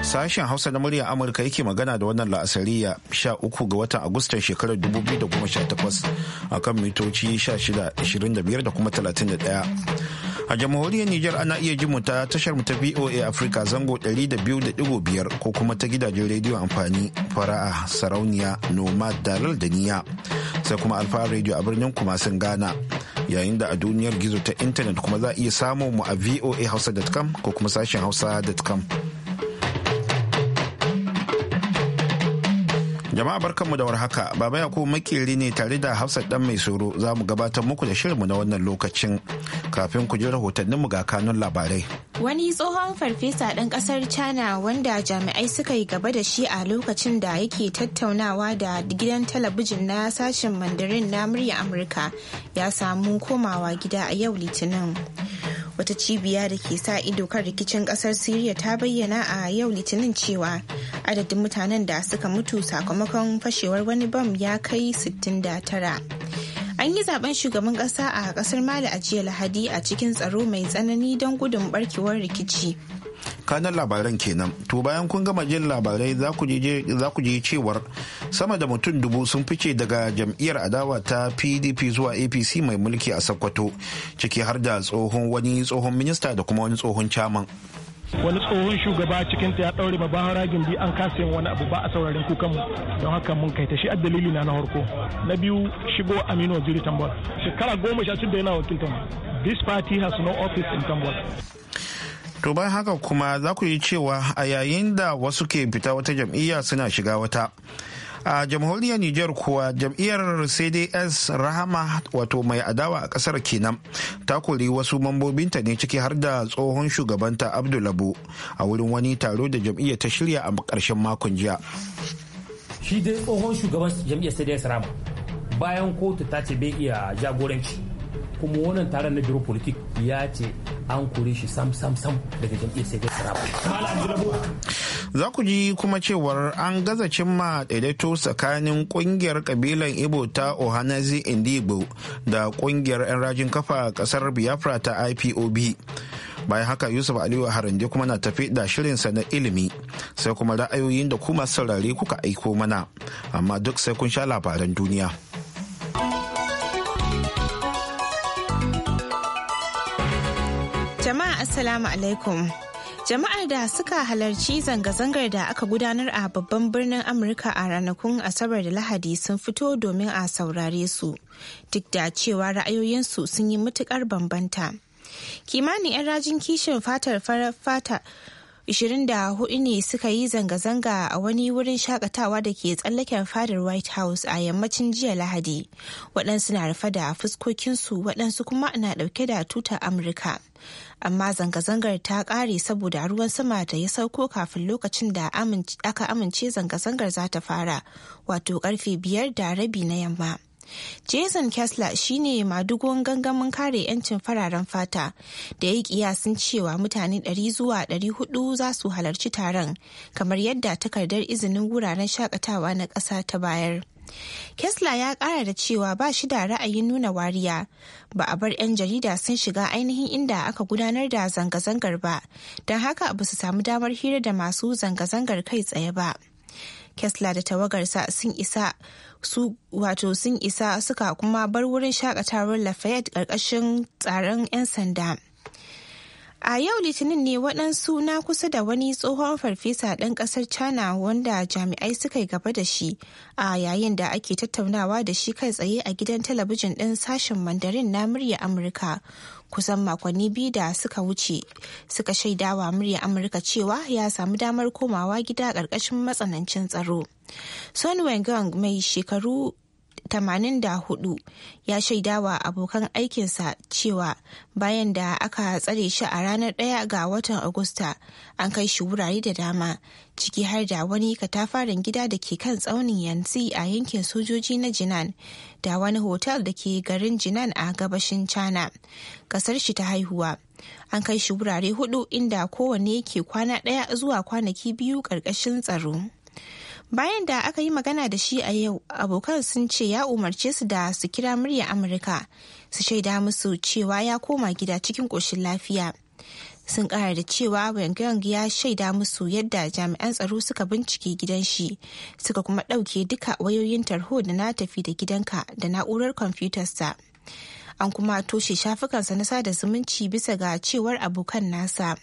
Sashen Hausa na muryar Amurka yake magana da wannan la'asariya 13 ga watan Agustan shekarar 2018 kan mitoci 1625 da kuma 31. A jamhuriyar Nijar ana iya ji mu ta tashar mu ta VOA Africa zango 200.5 ko kuma ta gidajen rediyo amfani fara'a sarauniya nomad dalal da niya sai kuma alfa rediyo a birnin kumasin Ghana. yayin da a duniyar gizo ta intanet kuma za a iya samun mu a VOA voahausa.com ko kuma sashen hausa.com. Jama'a barkanmu da warhaka, Baba Yakubu makeri ne tare da Hafsat dan mai soro za mu gabatar muku da shirinmu na wannan lokacin kafin ku ji mu ga kanun labarai. Wani tsohon farfesa ɗan ƙasar China wanda jami'ai suka yi gaba da shi a lokacin da yake tattaunawa da gidan talabijin na sashen Mandarin na murya Amurka ya samu komawa gida a yau Litinin. Wata cibiya da ke sa ido kan rikicin ƙasar Siriya ta bayyana a yau Litinin cewa adadin mutanen da suka mutu sakamakon fashewar wani bam ya kai 69 an yi zaben shugaban kasa a kasar mali a jiya lahadi a cikin tsaro mai tsanani don gudun barkewar rikici kanan labaran kenan to bayan kun gama jin labarai za ku je cewar sama da mutum dubu sun fice daga jam'iyyar adawa ta pdp zuwa apc mai mulki a sokoto ciki har da tsohon wani tsohon minista da kuma wani tsohon caman wani tsohon shugaba cikin ta ya daure babban haragin bi an kasa yin wani abu ba a saurarin kukan mu don haka mun kai ta shi dalili na na harko na biyu shigo Aminu Waziri tambar shekara goma sha da yana wakiltar this party has no office in tambar To bayan haka kuma za ku yi cewa a yayin da wasu ke fita wata jam'iyya suna shiga wata a jamhuriyar niger kuwa jam'iyyar cds rahama wato mai adawa a kasar kenan ta kori wasu mambobinta ne ciki har da tsohon shugabanta abdulabu a wurin wani taro da jam'iyyar ta shirya a karshen makon jiya shi dai tsohon shugaban jam'iyyar cds rahama bayan kotu ta ce bai iya jagoranci kuma wannan taron na biro politik ya ce an kore shi sam sam sam daga jam'iyyar sai dai za ku ji kuma cewar an gaza cimma daidaito tsakanin kungiyar kabilan ibo ta ohanazi indigo da kungiyar 'yan rajin kafa kasar biafra ta ipob bayan haka yusuf aliyu harinde kuma na tafi da shirinsa na ilimi sai kuma ra'ayoyin da kuma saurare kuka aiko mana amma duk sai kun sha labaran duniya. Assalamu alaikum. Jama'ar da suka halarci zanga-zangar da aka gudanar a babban birnin Amurka a ranakun Asabar da Lahadi sun fito domin a saurare su, duk da cewa ra'ayoyinsu sun yi matukar bambanta. Kimanin 'yan rajin kishin fatar farar fata 24 ne suka yi zanga-zanga a wani wurin shakatawa da ke tsallaken fadar white house a yammacin jiya lahadi waɗansu na rufe da fuskokinsu waɗansu kuma na ɗauke da tuta amurka amma zanga-zangar ta ƙare saboda ruwan sama da ya sauko kafin lokacin da aka amince zanga-zangar za ta fara wato ƙarfe biyar da rabi na yamma Jason Kessler shine madugon gangamin kare 'yancin fararen fata da ya yi kiyasin cewa mutane 100 zuwa 400 za su halarci taron kamar yadda takardar izinin wuraren shakatawa na ƙasa ta bayar. Kessler ya ƙara da cewa ba shi da ra'ayin nuna wariya ba a bar 'yan jarida sun shiga ainihin inda aka gudanar da zanga-zangar ba don haka ba su samu damar hira da masu zanga-zangar kai tsaye ba. Kesla da tawagarsa sun isa su wato sun isa suka kuma bar wurin shakatawar Lafayette karkashin tsaron 'yan sanda. A yau Litinin ne waɗansu na kusa da wani tsohon farfesa ɗan ƙasar China wanda jami'ai suka yi gaba da shi a yayin da ake tattaunawa da shi kai tsaye a gidan talabijin ɗin sashen Mandarin na murya Amurka kusan makonni biyu da suka wuce suka shaidawa murya amurka cewa ya samu damar komawa gida ƙarƙashin matsanancin tsaro son Wengong mai shekaru 84 ya shaidawa abokan aikinsa cewa bayan da aka tsare shi a ranar 1 ga watan Agusta an kai shi wurare da dama ciki har da wani katafaren gida da ke kan tsaunin yanzu a yankin sojoji na Jinan da wani hotel da ke garin Jinan a gabashin China kasar shi ta haihuwa. An kai shi wurare hudu inda kowanne ke kwana daya zuwa kwanaki biyu karkashin tsaro. bayan da aka yi magana da shi a yau abokan sun ce ya umarce su da su kira murya amurka su shaida musu cewa ya koma gida cikin koshin lafiya sun kara da cewa Pyongyang ya shaida musu yadda jami'an tsaro suka bincike gidan shi suka kuma ɗauke duka wayoyin tarho da na tafi da gidanka da na'urar kwamfutarsa an kuma toshe shafukansa na sada zumunci bisa ga cewar abokan nasa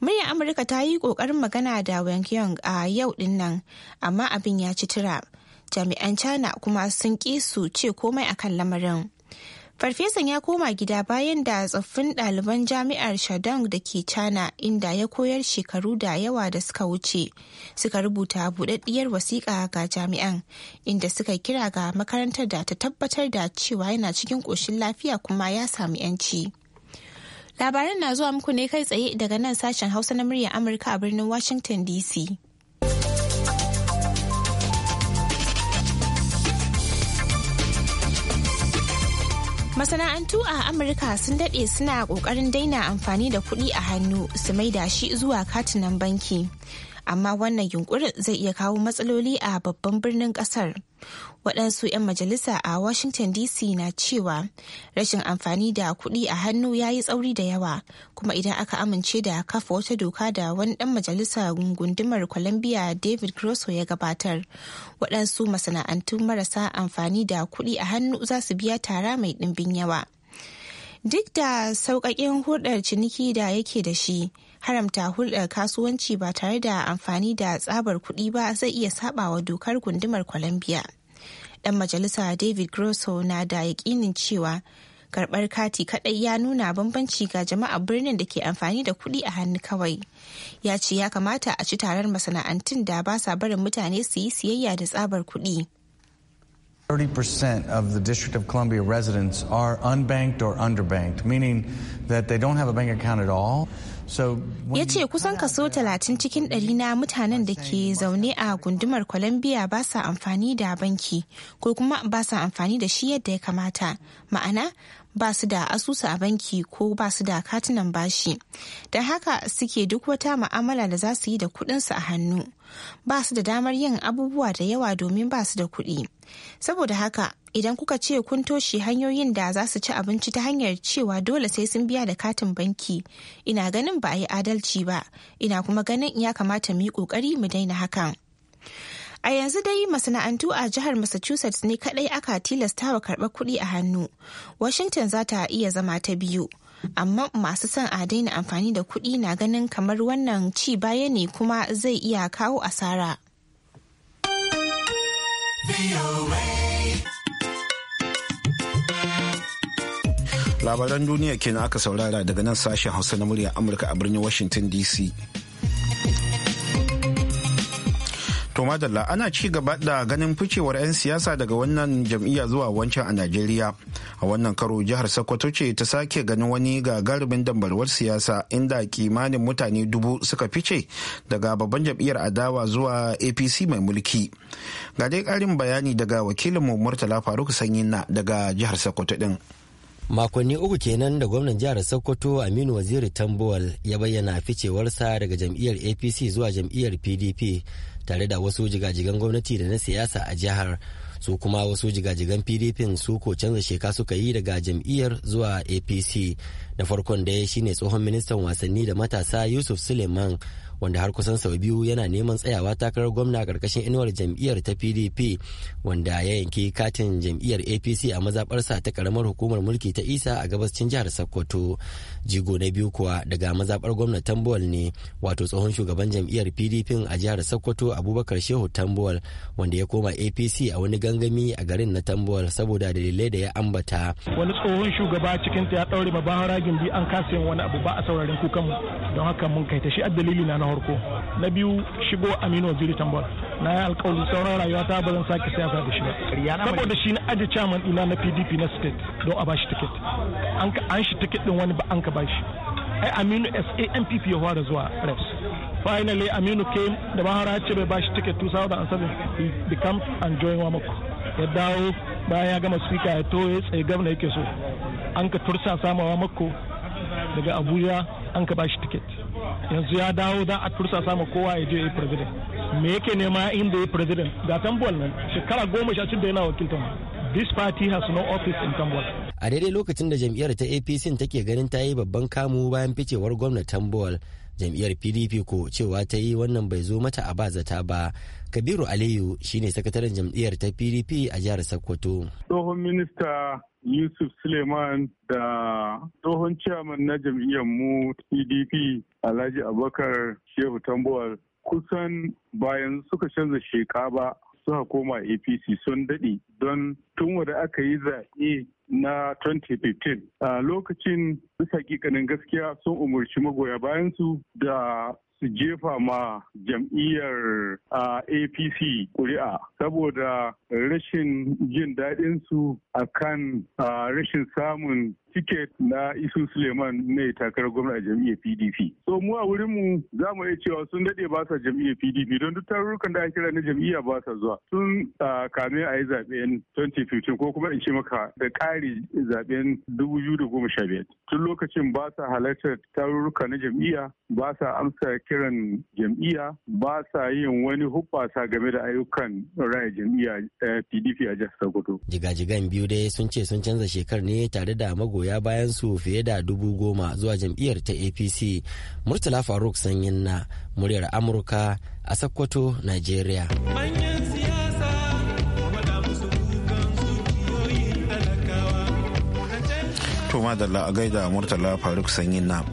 Muryar Amurka ta yi ƙoƙarin magana da Wang Yong a yau din nan, amma abin ya ci tura. Jami'an China kuma sun ƙi su ce komai akan lamarin. Farfesan ya koma gida bayan da tsoffin ɗaliban jami'ar Shadong da ke China inda ya koyar shekaru da yawa da suka wuce suka rubuta buɗaɗɗiyar wasiƙa ga jami'an inda suka kira ga makarantar da ta tabbatar da cewa yana cikin ƙoshin lafiya kuma ya sami 'yanci. Labaran na zuwa muku ne kai tsaye daga nan sashen Hausa na muryar Amurka a birnin Washington DC. Masana'antu a Amurka sun daɗe suna ƙoƙarin daina amfani da kuɗi a hannu su mai da shi zuwa katunan banki. amma wannan yunkurin zai iya kawo matsaloli a babban birnin kasar waɗansu 'yan majalisa a washington dc na cewa rashin amfani da kuɗi a hannu ya yi tsauri da yawa kuma idan aka amince da kafa wata doka da wani ɗan majalisa gundumar columbia david grosso ya gabatar waɗansu masana'antu marasa amfani da kuɗi a hannu za su biya tara mai ɗimbin yawa duk da sauƙaƙen hurɗar ciniki da yake da shi haramta hulɗar kasuwanci ba tare da amfani da tsabar kuɗi ba zai iya sabawa dokar gundumar columbia ɗan majalisa david grosso na da yakinin cewa karbar kati kaɗai ya nuna bambanci ga jama'a birnin da ke amfani da kuɗi a hannu kawai ya ce ya kamata a ci taron masana'antun da ba sa barin mutane su yi siyayya da tsabar kuɗi 30% of the District of Columbia residents are unbanked or underbanked, meaning that they don't have a bank account at all. ya ce kusan kaso 30 cikin ɗari na mutanen da ke zaune a gundumar colombia ba sa amfani da banki ko kuma ba sa amfani da shi yadda ya kamata ma'ana ba su da asusu a banki ko ba su da katunan bashi da haka suke duk wata ma'amala da za su yi da kudinsu a hannu ba su da damar yin abubuwa da yawa domin ba su da kuɗi saboda haka idan kuka ce kun toshe hanyoyin da za su ci abinci ta hanyar cewa dole sai sun biya da katin banki ina ganin ba a yi adalci ba ina kuma ganin ya kamata mu yi ƙoƙari mu daina hakan A yanzu dai masana'antu a jihar Massachusetts ne kadai aka tilasta wa karɓar kuɗi a hannu. Washington za ta iya zama ta biyu. Amma masu son a daina amfani da kuɗi na ganin kamar wannan ci baya ne kuma zai iya kawo asara. Labaran duniya kenan aka saurara daga nan sashen Hausa na murya Amurka a birnin Washington DC. To madalla ana ci gaba da ganin ficewar 'yan siyasa daga wannan jam'iyya zuwa wancan a Najeriya. A wannan karo jihar Sokoto ce ta sake ganin wani gagarumin dambarwar siyasa inda kimanin mutane dubu suka fice daga babban jam'iyyar adawa zuwa APC mai mulki. Ga dai ƙarin bayani daga wakilinmu Murtala Faruk na daga jihar Sokoto ɗin. makonni uku kenan da gwamnan jihar sokoto aminu waziri tambuwal ya bayyana ficewarsa daga jam'iyyar apc zuwa jam'iyyar pdp tare da wasu jigajigan gwamnati da na siyasa a jihar su kuma wasu jigajigan pdp su ko canza sheka suka yi daga jam'iyyar zuwa apc na farkon da ya shine tsohon ministan wasanni da matasa yusuf suleiman wanda har kusan sau biyu yana neman tsayawa takarar gwamna karkashin inuwar jam'iyyar ta pdp wanda ya yanki katin jam'iyyar apc a mazaɓarsa ta karamar hukumar mulki ta isa a gabascin jihar sokoto jigo na biyu kuwa daga mazaɓar gwamna tambuwal ne wato tsohon shugaban jam'iyyar pdp a jihar sokoto abubakar shehu tambuwal wanda ya koma apc a wani gangami a garin na tambuwal saboda dalilai da ya ambata wani tsohon shugaba cikin ta ya daure babban haragin bi an kasa wani abu ba a saurarin kukan don haka mun kai ta shi a dalili na harko na biyu shigo amino waziri tambol na yi alkawari sauran rayuwa ta ba zan sake siyasa da shi ba saboda shi na aji chairman ina na pdp na state don a bashi ticket an ka an shi ticket din wani ba an ka bashi ai aminu sampp ya fara zuwa reps finally aminu came da bahara ce bai bashi ticket to sauda an sabin the camp and join wa wamako ya dawo bayan ya gama speaker ya toye tsaye gwamna yake so an ka tursa samawa mako daga abuja an ka bashi ticket yanzu ya dawo za a tursa samu kowa ya je ya yi president me yake nema inda ya yi president ga tambol nan shekara goma sha da yana wakiltar this party has no office in tambol a daidai lokacin da jam'iyyar ta apc take ganin ta yi babban kamu bayan ficewar gwamna tambol jam'iyyar pdp ko cewa ta yi wannan bai zo mata a ba zata ba kabiru aliyu shine sakataren jam'iyyar ta pdp a jihar sokoto tsohon minista yusuf suleiman da tsohon ciyaman na jam'iyyar mu pdp alhaji abubakar shehu tambuwal kusan bayan suka canza sheka ba suka koma apc sun daɗe don tun wada aka yi zaɓe na 2015 a lokacin duk hakikanin gaskiya sun umarci magoya bayansu da su jefa ma jam'iyyar apc kuri'a saboda rashin jin daɗinsu a kan rashin samun tiket na isu suleiman ne takarar gwamna a jam'iyyar pdp so mu a wurin mu za mu iya cewa sun daɗe ba sa jam'iyyar pdp don duk tarurrukan da aka kira na jam'iyya ba sa zuwa sun kame a yi zaɓen 2015 ko kuma in ce maka da ƙari zaɓen 2015 tun lokacin ba sa halartar tarurruka na jam'iyya ba sa amsa kiran jam'iyya ba sa yin wani hubbasa game da ayyukan raya jam'iyya pdp eh, a jihar sokoto jigajigan biyu dai sun ce sun canza shekar ne tare da magoya ya bayan su fiye da dubu goma zuwa jam'iyyar ta apc murtala faruk sanyin na muryar amurka a sakkwato nigeria to madalla a gaida murtala faruk sanyin na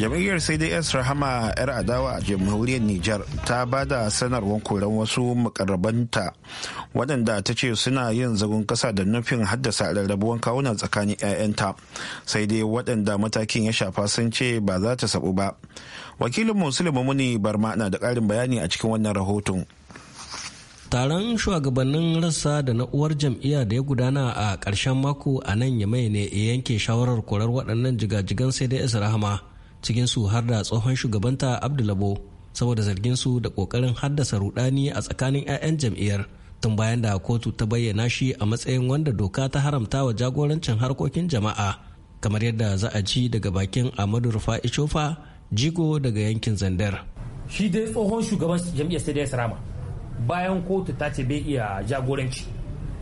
jam'iyyar sai dai yan rahama yar adawa a jamhuriyar niger ta ba da sanarwar koran wasu makarabanta waɗanda ta ce suna yin zagon kasa da nufin haddasa rarrabuwan kawunan tsakanin 'ya'yanta sai dai waɗanda matakin ya shafa sun ce ba za ta sabu ba wakilin musulmi muni barma na da ƙarin bayani a cikin wannan rahoton taron shugabannin rassa da na uwar jam'iyya da ya gudana a ƙarshen mako a nan yamai ne yanke shawarar korar waɗannan jigajigan sai dai rahama cikinsu har da tsohon shugabanta abdulabo saboda zargin su da kokarin haddasa rudani a tsakanin 'ya'yan jam'iyyar tun bayan da kotu ta bayyana shi a matsayin wanda doka ta haramta wa jagorancin harkokin jama'a kamar yadda za a ji daga bakin amadu rufa ichofa jigo daga yankin zandar shi dai tsohon shugaban jam'iyyar sai dai sarama bayan kotu ta ce bai iya jagoranci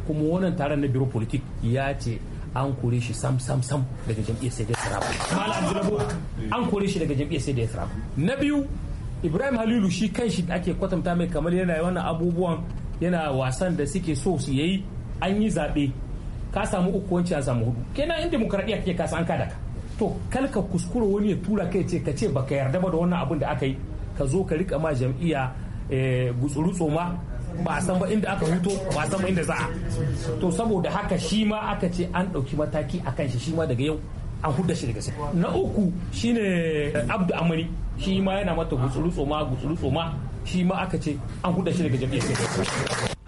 kuma wannan taron na biro politik ya ce an kore shi sam sam sam daga jam'iyyar sai da sarrafa malam abdullabo an kore shi daga jam'iyyar sai da sarrafa na biyu ibrahim halilu shi kan shi ake kwatanta mai kamar yana wannan abubuwan yana wasan da suke so su yayi an yi zaɓe ka samu uku wancan ya samu hudu kenan in demokradiyya kake kasa an ka daka? to kalka kuskure wani ya tura kai ce ka ce baka yarda ba da wannan abun da aka yi ka zo ka rika ma jam'iyya eh, gutsuru tsoma ba a san ba inda aka huto ba san ba inda za a to saboda haka shi ma aka ce an ɗauki mataki a kan shi shi ma daga yau an huda shi daga sai na uku shine eh, abdu amani shi ma yana mata gutsuru ma ma shi ma aka ce an huda shi daga jam'iyyar sai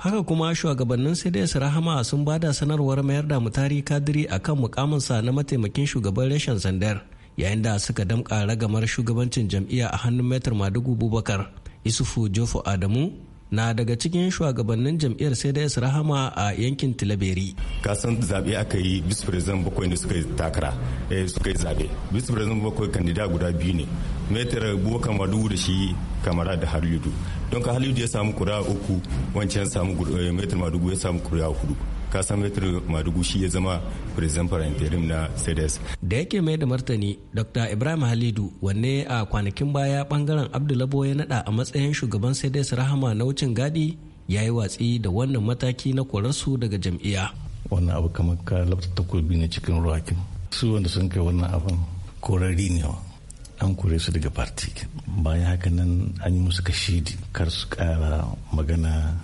haka kuma shugabannin sai dai rahama sun bada sanarwar mayar da mutari kadiri akan mukaminsa na mataimakin shugaban reshen sandar yayin da suka damƙa ragamar shugabancin jam'iyya a hannun metar madugu bubakar isufu jofo adamu na daga cikin shugabannin jam'iyyar sai dai rahama a yankin tilaberi kasan zaɓe aka yi vice president bakwai ne suka yi takara eh, suka yi zaɓe vice president bakwai kandida guda biyu ne metar buwa madu da shi kamara da halidu don ka halidu ya samu kura uku wancan samu eh, metar madugu ya samu kura hudu Ka san metro madugu shi ya zama president for interim na sedes da yake mai da martani dr ibrahim halidu wanne a kwanakin baya bangaren Abdullabo ya nada a matsayin shugaban sedes rahama na wucin gadi ya yi watsi da wannan mataki na korarsu daga jam'iya. wannan abu kamar ka labta takobi ne cikin ruwakin su wanda sun kai wannan abin korari ne wa? an kore su daga parti bayan haka nan an yi musu kashidi kar su kara magana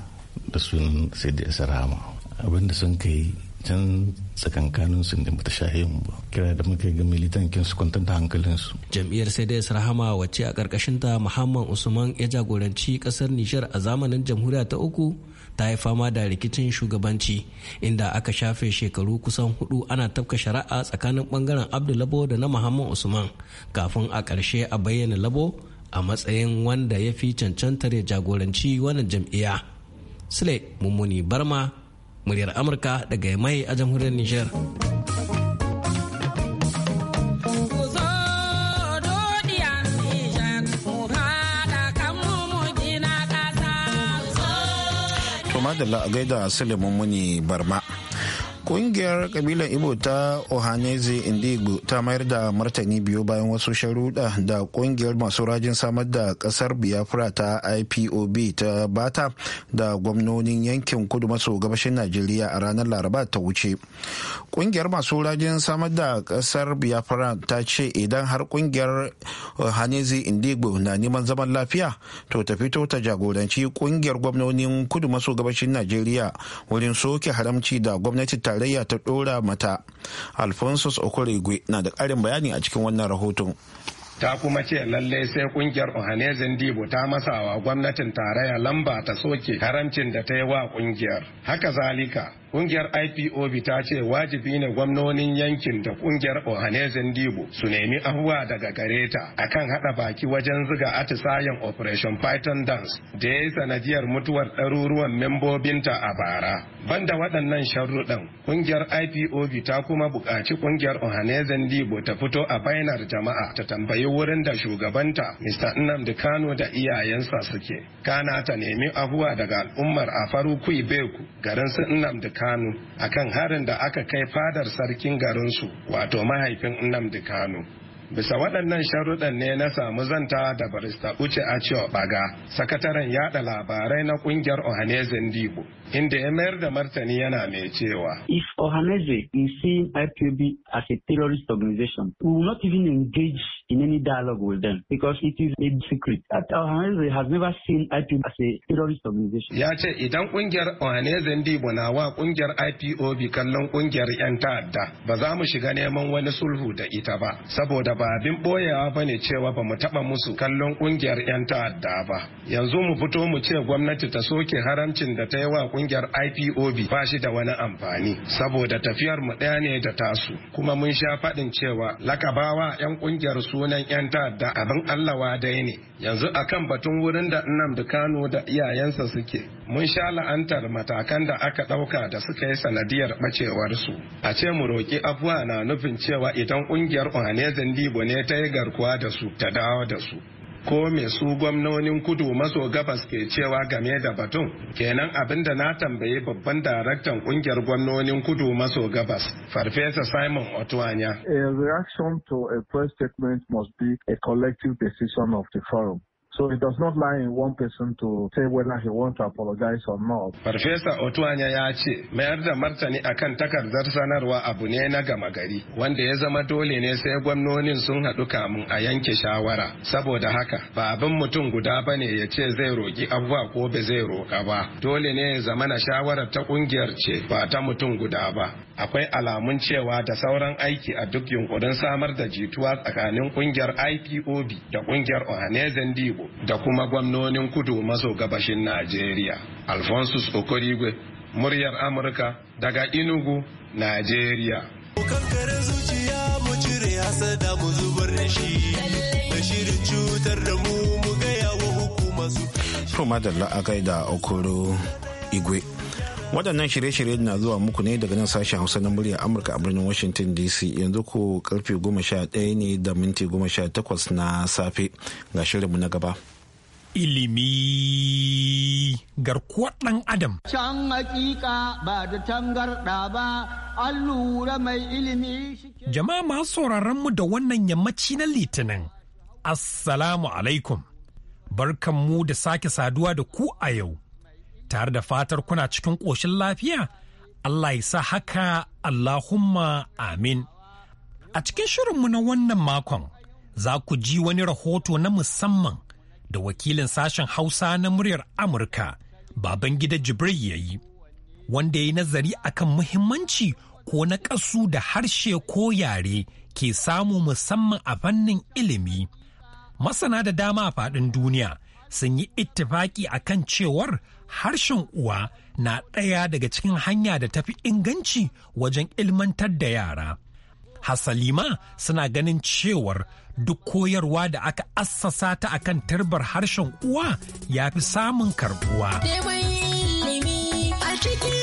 da sunan sai da rahama abinda sun ka yi can tsakankanin su da bata shahe ba kira da muka ga militan kin su kwantar da hankalinsu jam'iyyar sai dai rahama wacce a ƙarƙashin ta muhammad usman ya jagoranci ƙasar nishar a zamanin jamhuriya ta uku ta yi fama da rikicin shugabanci inda aka shafe shekaru kusan hudu ana tafka shari'a tsakanin bangaren abdulabo da na muhammad usman kafin a ƙarshe a bayyana labo a matsayin wanda ya fi cancantar ya jagoranci wannan jam'iyya sule mummuni barma muryar amurka daga mai a jamhuriyar nijar madalla a gaida suleiman muni barma Kungiyar kabilar Ibo ta Ohaneze Indigbo ta mayar da martani biyu bayan wasu sharuɗa da kungiyar masu rajin samar da ƙasar Biafra ta IPOB ta bata da gwamnonin yankin kudu maso gabashin Najeriya a ranar Laraba ta wuce. Kungiyar masu rajin samar da ƙasar Biafra ta ce idan har kungiyar Ohaneze Indigbo na neman zaman lafiya to ta fito ta jagoranci kungiyar gwamnonin kudu maso gabashin Najeriya wurin soke haramci da ta tarayya ta ɗora mata alphonsus okorigwe na da ƙarin bayani a cikin wannan rahoton ta kuma ce lallai sai kungiyar ohanesin dibo ta masawa gwamnatin tarayya lamba ta soke haramcin da ta yi wa kungiyar haka zalika Ƙungiyar IPOB ta ce wajibi ne gwamnonin yankin da ƙungiyar Ohanezen dibu su nemi ahuwa daga gareta ta akan haɗa baki wajen ziga atisayen Operation Python Dance da ya yi sanadiyar mutuwar ɗaruruwan membobinta a bara. Banda waɗannan sharruɗan, ƙungiyar IPOB ta kuma buƙaci ƙungiyar Ohanezen Dibo ta fito a bainar jama'a ta tambayi wurin da shugabanta Mr. Nnamdi Kano da iyayensa suke. Kana ta nemi ahuwa daga al'ummar Afaru beku garin su Nnamdi Kano akan harin da aka kai fadar sarkin garinsu wato mahaifin Nnamdi Kano. bisa waɗannan sharuɗan ne na samu zanta da barista uche acio baga sakataren yada labarai na ƙungiyar ohanezen dibo inda ya mayar da martani yana mai cewa if ohaneze is seeing ipob as a terrorist organization we will not even engage in any dialogue with them because it is a secret that ohaneze has never seen ipob as a terrorist organization ya ce idan ƙungiyar ohanezen dibo na wa ƙungiyar ipob kallon ƙungiyar 'yan ta'adda ba za mu shiga neman wani sulhu da ita ba saboda ba abin boyewa ba ne cewa ba mu taɓa musu kallon ƙungiyar 'yan ta'adda ba. Yanzu mu fito mu ce gwamnati ta soke haramcin da ta yi wa ƙungiyar IPOB ba shi da wani amfani saboda tafiyar mu ɗaya ne da tasu. Kuma mun sha faɗin cewa lakabawa 'yan ƙungiyar sunan 'yan ta'adda abin Allah dai ne. yanzu akan batun wurin da da Kano da iyayensa suke mun sha la'antar matakan da aka ɗauka da suka yi sanadiyar ɓacewarsu a ce mu roƙi afuwa na nufin cewa idan ƙungiyar ohanezin dibo ne ta yi garkuwa da su ta dawo da su ko me su gwamnonin kudu maso gabas ke cewa game da batun kenan abin da na tambayi babban daraktan kungiyar gwamnonin kudu maso gabas farfesa simon otuanya a reaction to a press statement must be a collective decision of the forum So it does not lie in one person to say whether he wants to apologize or not. Farfesa Otuanya ya ce mayar da martani akan takardar sanarwa abu ne na gama gari wanda ya zama dole ne sai gwamnonin sun haɗu kamun a yanke shawara. Saboda haka ba abin mutum guda ba ne ya ce zai roƙi abuwa ko ba zai roƙa ba. Dole ne ya zama na shawarar ta ƙungiyar ce ba ta mutum guda ba. Akwai alamun cewa da sauran aiki a duk yunkurin samar da jituwa tsakanin ƙungiyar IPOB da ƙungiyar Ohanezen Dibo. da kuma gwamnonin kudu maso gabashin Najeriya. Alphonsus Okorigwe, muryar Amurka daga Inugu, Najeriya. Kankare da da okoro igwe waɗannan shirye-shirye na zuwa muku ne daga nan sashen hausa na murya amurka a birnin washington dc yanzu ko karfe 11 ne da minti 18 na safe ga shirinmu na gaba ilimi garkuwar ɗan adam can hakika ba da tangarɗa ba an lura mai ilimi jama'a masu sauraron mu da wannan yammaci na litinin assalamu alaikum barkan mu da sake saduwa da ku a yau tare da fatar kuna cikin ƙoshin lafiya Allah ya sa haka Allahumma amin. A cikin shirinmu na wannan makon za ku ji wani rahoto na musamman da wakilin sashen Hausa na muryar Amurka Babangida Jibril ya yi, wanda ya yi nazari akan muhimmanci ko na ƙasu da harshe ko yare ke samu musamman a fannin ilimi. Masana da dama a faɗin duniya sun yi ittifaki akan cewar harshen uwa na ɗaya daga cikin hanya da tafi inganci wajen ilmantar da yara. Hasalima suna ganin cewar duk koyarwa da aka assasa ta akan tarbar harshen uwa ya fi samun karbuwa. ilimi a ciki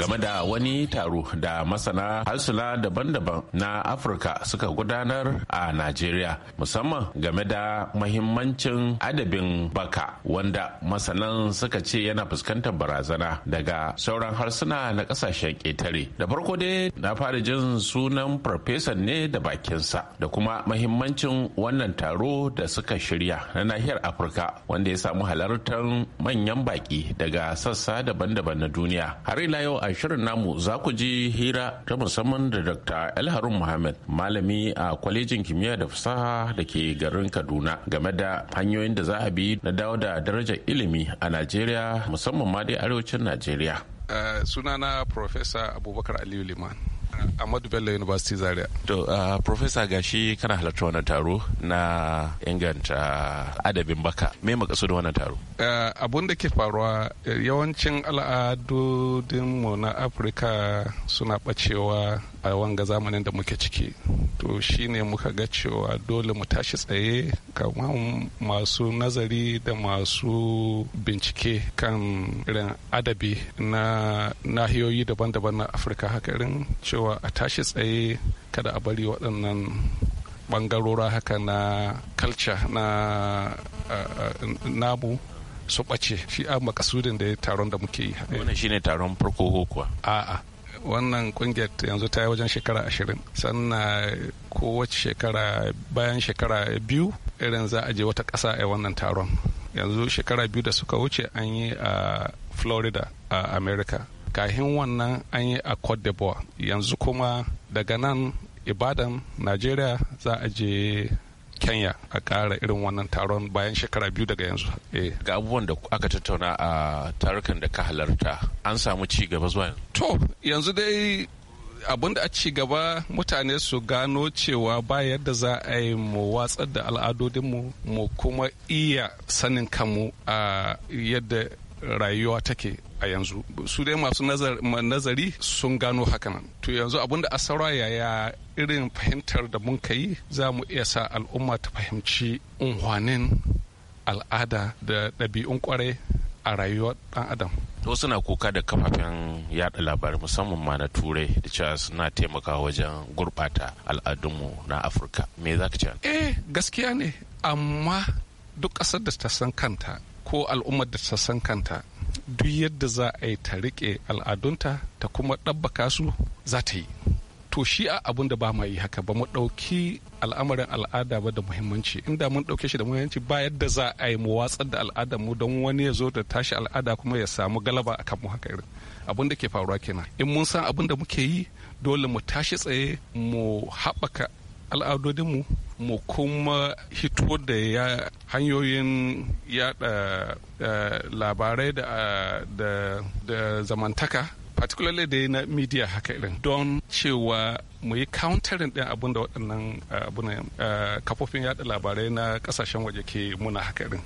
game da wani taro da masana harsuna daban-daban na afirka suka gudanar a najeriya musamman game da mahimmancin adabin baka wanda masanan suka ce yana fuskantar barazana daga sauran harsuna na kasashen ƙetare da farko dai na fara jin sunan farfesan ne da bakinsa da kuma mahimmancin wannan taro da suka shirya na nahiyar afirka wanda ya samu halartar manyan baki daga sassa daban-daban na duniya har ila yau a a shirin namu za ku ji hira ta musamman da Dr. Elharun Muhammad malami a kwalejin kimiyya da fasaha da ke garin Kaduna game da hanyoyin da za a bi na dawo da darajar ilimi a Najeriya musamman ma dai arewacin Najeriya. Eh, sunana Professor Abubakar Aliyu Liman. Ahmadu Bello University Zaria. To, uh, Professor Gashi kana halarta wannan taro na inganta adabin baka. Me makasu da wannan taro? Uh, Abun da ke faruwa yawancin mu na Afirka suna bacewa a wanga zamanin da muke ciki to shine muka ga cewa dole mu tashi tsaye kamar masu nazari da masu bincike kan irin adabi na nahiyoyi daban-daban na afirka haka cewa a tashi tsaye kada a bari waɗannan bangarora haka na culture na namu su ɓace shi a makasudin da taron da muke yi wannan shine taron farko kuwa a'a wannan kungiyar yanzu ta yi wajen shekara ashirin sannan eh, kowace shekara bayan shekara biyu irin za a je wata ƙasa a wannan taron yanzu shekara biyu da suka wuce an yi a florida a america kahin wannan an yi a cote d'ivoire yanzu kuma daga nan ibadan nigeria za a je kenya a ƙara irin wannan taron bayan shekara biyu daga yanzu eh. ga abubuwan da aka tattauna a tarukan da ka halarta an samu ci gaba zuwa to yanzu dai abin da a ci gaba mutane su gano cewa ba yadda za a yi mu watsar da al'adodinmu mu kuma iya sanin kanmu a yadda rayuwa take a yanzu su dai masu nazari sun gano hakan to yanzu abinda a saura yaya irin fahimtar da mun kai za mu iya sa al'umma ta fahimci unhwanin al'ada da ɗabi'un kwarai a rayuwar ɗan adam to suna kuka da kafafen yada labarai musamman ma na turai da cewa suna taimakawa wajen gurɓata al'adunmu na afirka me za ka ce eh gaskiya ne amma duk ƙasar da ta san kanta ko al'ummar da ta san kanta duk yadda za a yi ta riƙe al'adunta ta kuma ɗabbaka su za ta yi to shi a abun da ba ma yi haka ba mu ɗauki al'amarin al'ada ba da muhimmanci inda mun ɗauke shi da muhimmanci ba yadda za a yi mu watsar da al'adar mu don wani ya zo da tashi al'ada kuma ya samu galaba a kanmu haka irin abun da ke faruwa kenan in mun san abun da muke yi dole mu tashi tsaye mu haɓaka al'adodinmu mu kuma hito da ya hanyoyin yada eh, labarai da zamantaka particularly da na media haka irin don cewa mu yi countering din abin da waɗannan eh, abin eh, kafofin yada labarai na kasashen waje ke muna haka irin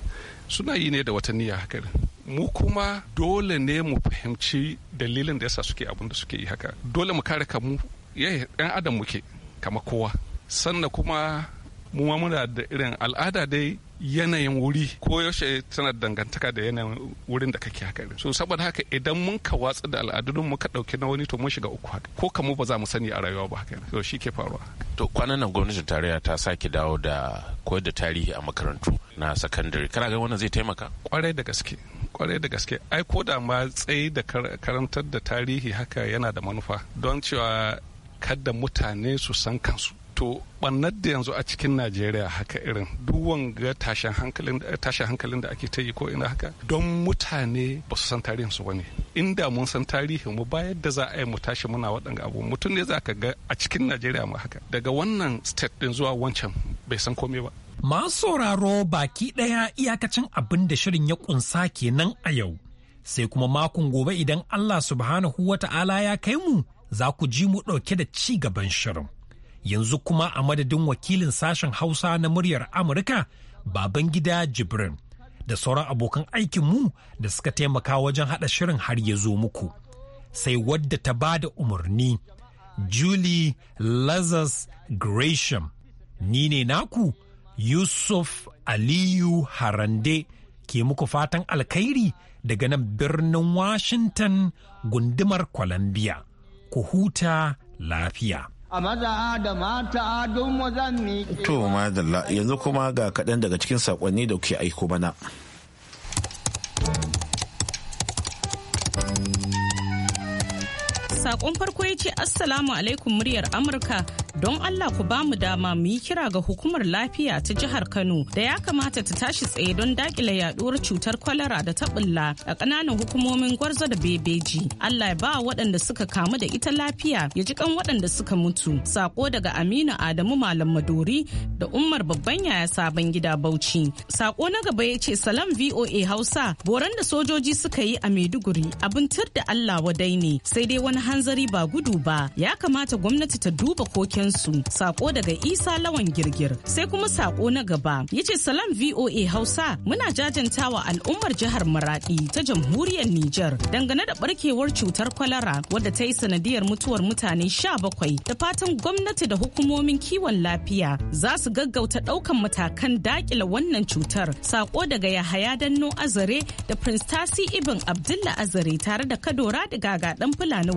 suna yi ne da wata niyya haka irin mu kuma dole ne mu fahimci dalilin da yasa suke abin da suke yi haka dole mu kare kanmu yan adam muke kama kowa sannan kuma mu muna da irin al'ada dai yanayin wuri ko yaushe tana dangantaka da yanayin wurin da kake haka so saboda haka idan mun ka watsa da al'adun ka dauki na wani to mun shiga uku haka ko kamu ba za mu sani a rayuwa ba haka so shi ke faruwa to kwanan nan gwamnatin tarayya ta sake dawo da koyar da tarihi a makarantu na sakandare kana ga wannan zai taimaka kwarai da gaske kwarai da gaske ai ko da ma tsayi da karantar da tarihi haka yana da manufa don cewa kada mutane su san kansu to bannar da yanzu a cikin najeriya haka irin duk wanga tashin hankalin da ake ta yi ko ina haka don mutane ba su san tarihin su bane inda mun san tarihin mu ba yadda za a yi mu tashi muna waɗanga abu mutum ne za ka ga a cikin najeriya ma haka daga wannan state ɗin zuwa wancan bai san komai ba masu sauraro baki ɗaya iyakacin abin da shirin ya kunsa kenan a yau sai kuma makon gobe idan allah subhanahu wata'ala ya kai mu za ku ji mu ɗauke da ci gaban shirin yanzu kuma a madadin wakilin sashen hausa na muryar amurka Babangida jibrin da sauran abokan aikinmu da suka taimaka wajen haɗa shirin har ya zo muku sai wadda ta ba da umarni julie lazarus gresham ni ne naku yusuf aliyu harande ke muku fatan alkhairi daga nan birnin washington gundumar columbia ku huta lafiya a maza da mata don mu zan To madalla yanzu kuma ga kaɗan daga cikin saƙonni da kuke aiko mana. sakon farko ya ce assalamu alaikum muryar amurka don allah ku ba mu dama mu yi kira ga hukumar lafiya ta jihar kano da ya kamata ta tashi tsaye don dakile yaduwar cutar kwalara da ta a ƙananan hukumomin gwarzo da bebeji allah ya ba waɗanda suka kamu da ita lafiya ya ji kan waɗanda suka mutu sako daga aminu adamu malam madori da umar babban yaya sabon gida bauchi sako na gaba ya ce salam voa hausa boran da sojoji suka yi a maiduguri abin tur da allah wadai ne sai dai wani hanzari ba gudu ba ya kamata gwamnati ta duba kokensu sako daga isa lawan girgir sai kuma sako na gaba ya ce salam voa hausa muna jajantawa al'ummar jihar maradi ta jamhuriyar niger dangane da barkewar cutar kwalara wadda ta yi sanadiyar mutuwar mutane sha bakwai da fatan gwamnati da hukumomin kiwon lafiya za su gaggauta daukan matakan dakila wannan cutar sako daga yahaya danno azare da prince tasi ibn abdullah azare tare da kadora da gagadan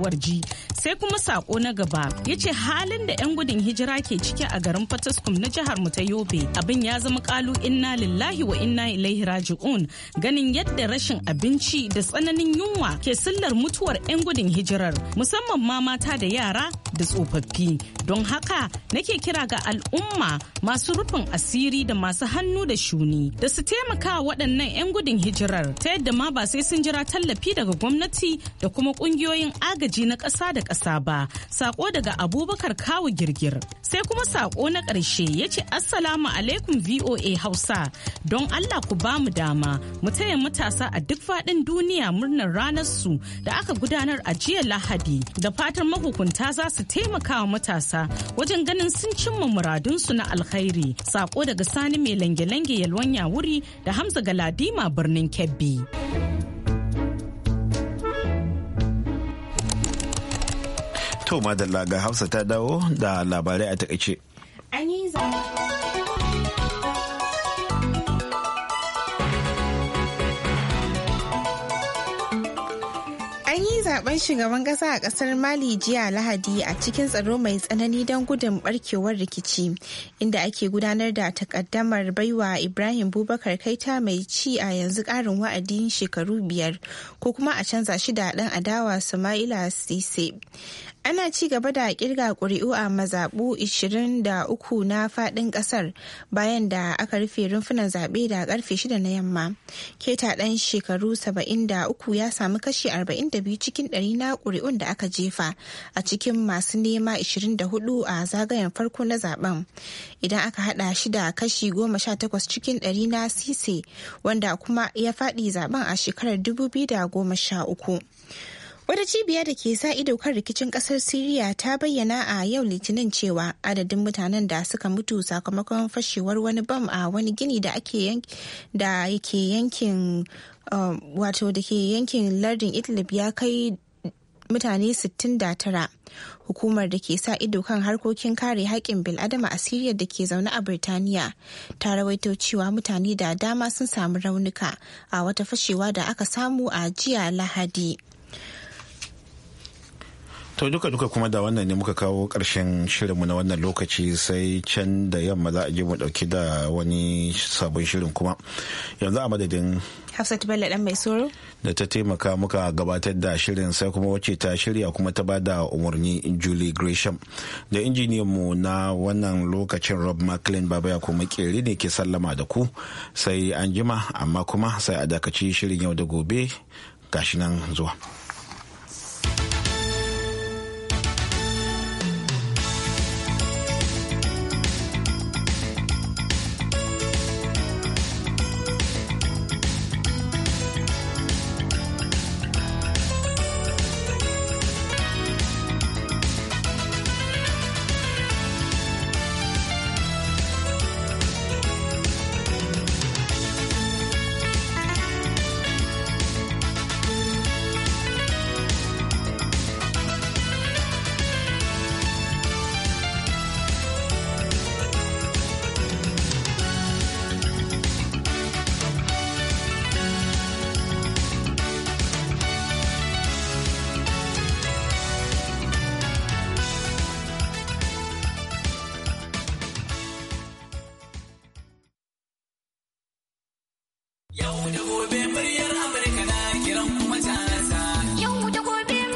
warji ji sai kuma sako na gaba ya ce halin da 'yan gudun hijira ke ciki a garin fataskum na jihar mu ta yobe abin ya zama kalu inna lillahi wa inna ilaihi raji'un ganin yadda rashin abinci da tsananin yunwa ke sillar mutuwar 'yan gudun hijirar musamman ma mata da yara da tsofaffi don haka nake kira ga al'umma masu rufin asiri da masu hannu da shuni da su taimaka waɗannan 'yan gudun hijirar ta yadda ma ba sai sun jira tallafi daga gwamnati da kuma ƙungiyoyin agaji na ƙasa da ƙasa ba sako daga abubakar kawu girgir sai kuma sako na ƙarshe ya ce assalamu alaikum voa hausa don allah ku ba mu dama mu taya matasa a duk faɗin duniya murnar ranar su da aka gudanar a jiya lahadi da fatan mahukunta za su taimakawa matasa wajen ganin sun cimma muradunsu na alkhairi. Sako daga Sani mai lange-lange yalwan wuri da Hamza Galadima birnin Kebbi. To madalla ga Hausa ta dawo da labarai a takaice. An yi zaben shugaban kasa a ƙasar Mali jiya Lahadi a cikin tsaro mai tsanani don gudun barkewar rikici, inda ake gudanar da takaddamar baiwa Ibrahim Bubakar Kaita mai ci a yanzu ƙarin wa'adin shekaru biyar ko kuma a canza shi da ɗan adawa Sama'ila Sise. ana ci gaba da kirga ƙuri'u a mazaɓu 23 na faɗin ƙasar bayan da aka rufe rumfunan zaɓe da ƙarfe 6 na yamma keta ɗan shekaru 73 ya samu kashi 42 cikin 100 na ƙuri'un da aka jefa a cikin masu nema 24 a zagayen farko na zaɓen idan aka hada shi da kashi 18 cikin 100 na sise wanda kuma ya faɗi zaɓen a shekarar 2013 Wata cibiya da ke sa ido kan rikicin kasar Siriya ta bayyana a yau Litinin cewa adadin mutanen da suka mutu sakamakon fashewar wani bam a wani gini da ake yankin um, wato da ke yankin lardin Idlib ya kai mutane 69 hukumar da ke sa ido kan harkokin kare haƙƙin bil'adama a siriya da ke zaune a birtaniya ta rawaito cewa mutane da dama sun samu raunuka a wata fashewa da aka samu a jiya lahadi To duka duka kuma da wannan ne muka kawo ƙarshen shirinmu na wannan lokaci sai can da yamma za a je mu ɗauki da wani sabon shirin kuma. Yanzu a madadin Hafsat Bello dan mai soro. Da ta taimaka muka gabatar da shirin sai kuma wacce ta shirya kuma ta bada umarni Julie Gresham. Da injiniyan mu na wannan lokacin Rob McLean baba kuma kere ne ke sallama da ku sai an jima amma kuma sai a dakaci shirin yau da gobe gashi nan zuwa.